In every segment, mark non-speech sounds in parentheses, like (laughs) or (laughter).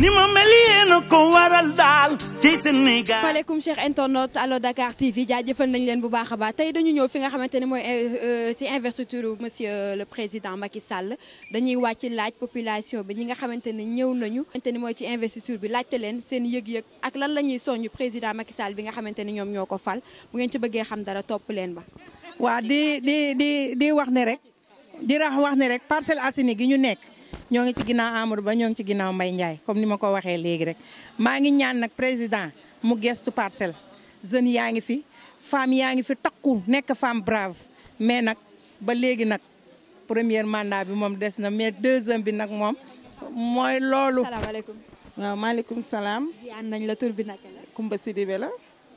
ni ma mel yéen a ko waral daal ci Sénégal. maaleykum cher internaute allo Dakar TV jëfal nañ leen bu baax a baax tey dañu ñëw fi nga xamante ne mooy euh, euh, ci investiture monsieur euh, le président Macky Sall dañuy wàcc laaj population bi ñi nga xamante ne ñëw nañu. xamante ne mooy ci investiture bi laajte leen seen yëg-yëg ak lan lañuy ñuy soññu président Macky Sall bi nga xamante ni ñoom ñoo ko fal bu ngeen ci bëggee xam dara topp leen ba. waa di di di di wax ne rek di rax wax ne rek Parcelles Assainies gi ñu nekk. ñoo ngi ci ginnaaw Amadou Ba ñoo ngi ci ginnaaw Mbaye Ndiaye comme ni ma ko waxee léegi rek maa ngi ñaan nag président mu gestu parcelle jeunes yaa ngi fi femme yaa ngi fi takku nekk femme brave mais nag ba léegi nag première mandat bi moom des na mais deuxième bi nag moom mooy loolu. salaamaaleykum waaw maaleykum salaam. yaa nañ la tur bi naka la. Kumba Sidibé la.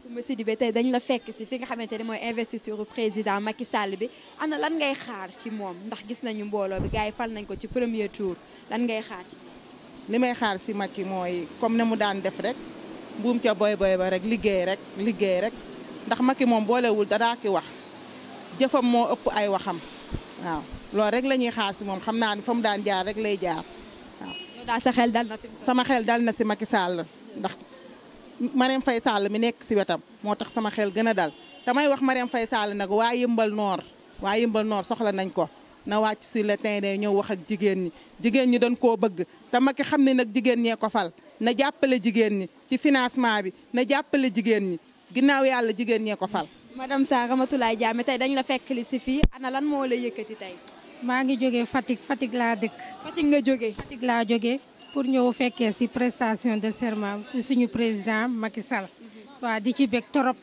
monsieur Dibe tey dañ la fekk si fi nga xamante ne mooy investiture président Macky Sall bi ana lan ngay xaar ci moom ndax gis nañu mbooloo bi gars yi fal nañ ko ci premier tour lan ngay xaar ci li may xaar si Macky mooy comme ne mu daan def rek buum ca boy boy ba rek liggéey rek liggéey rek ndax Macky moom boolewul daraa ki wax jëfam moo ëpp ay waxam waaw loolu rek la ñuy xaar si moom xam naa ni fa mu daan jaar rek lay jaar waaw. yow daal sa xel dal na fi sama xel dal na si Macky Sall ndax. Marème Faye Sall mi nekk si wetam moo tax sama xel gën a dal damay wax Marème Faye Sall nag waa Yëmbal Noor waa Yëmbal Noor soxla nañ ko na wàcc si le terrain ñëw wax ak jigéen ñi jigéen ñi dañ koo bëgg te Macky xam ne nag jigéen ñee ko fal na jàppale jigéen ñi ci financement bi na jàppale jigéen ñi ginnaaw yàlla jigéen ñee ko fal. madame Sarr Ramatoulaye Diamé tey dañ la fekk li si fii ana lan moo la yëkkati tey. maa ngi jógee Fatick Fatick laa dëkk. Fatick nga jógee. Fatick pour ñëw fekkee ci prestation de serment suñu président Macky Sall. waa di ci bég torop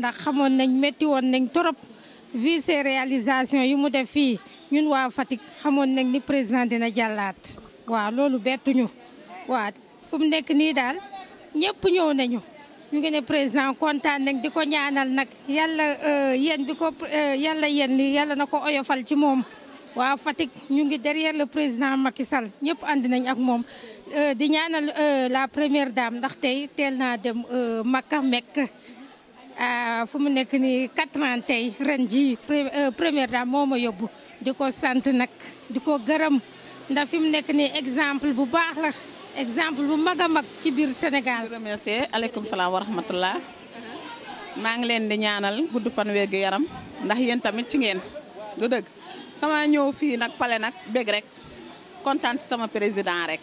ndax xamoon nañ métti woon nañ torop vu ces yi mu def fii ñun waa Fatick xamoon nañ ni président dina jàllaat. waaw loolu bettuñu waa fu mu nekk nii daal ñëpp ñëw nañu. ñu ngi ne président kontaan nañ di ko ñaanal nag yàlla euh, yéen bi ko euh, yàlla yéen li yàlla na ko oyofal ci moom waaw Fatick ñu ngi derrière le président Macky Sall ñëpp ànd nañ ak moom euh, di ñaanal euh, la première dame ndax tey teel naa dem euh, Makka Mekka fu mu nekk nii quatre tey ren jii première dame moo ma yóbbu di ko sant nag di ko gërëm ndax fi mu nekk nii exemple bu baax la exemple bu mag a mag ci biir Sénégal. remercier aleykum salaam wa rahmatullah maa ngi leen di ñaanal gudd fan wér gu yaram ndax yéen tamit ci ngeen du dëgg. sama ñëw fii nag pale nag bég rek kontaan sama président rek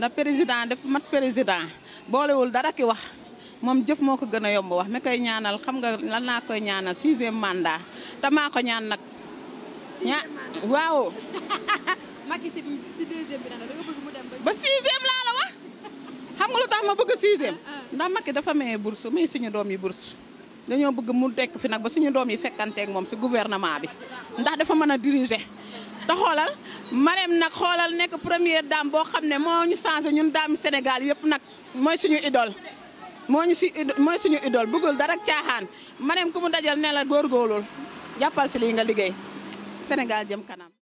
ndax président def mat président boolewul dara ki wax moom jëf moo ko gën a yomb wax mi koy ñaanal xam nga lan naa koy ñaanal sixième mandat te maa ko ñaan nag. ña waaw. (laughs) Macky si deuxième bi da laa la wax xam nga lu tax ma bëgg sixième. (laughs) Ah, ah. ndax Macky dafa maye bourse muy suñu doom yi bourse. dañoo bëgg mu nekk fi nag ba suñu doom yi fekkanteeg moom si gouvernement bi ndax dafa mën a diriger. te xoolal Marème nag xoolal nekk première dame boo xam ne moo ñu changé ñun daami Sénégal yëpp nag mooy suñu idole moo ñu si mooy suñu idole bëggul dara caaxaan Marème ku mu dajal ne la góorgóorlul jàppal si lii nga liggéey Sénégal jëm kanam.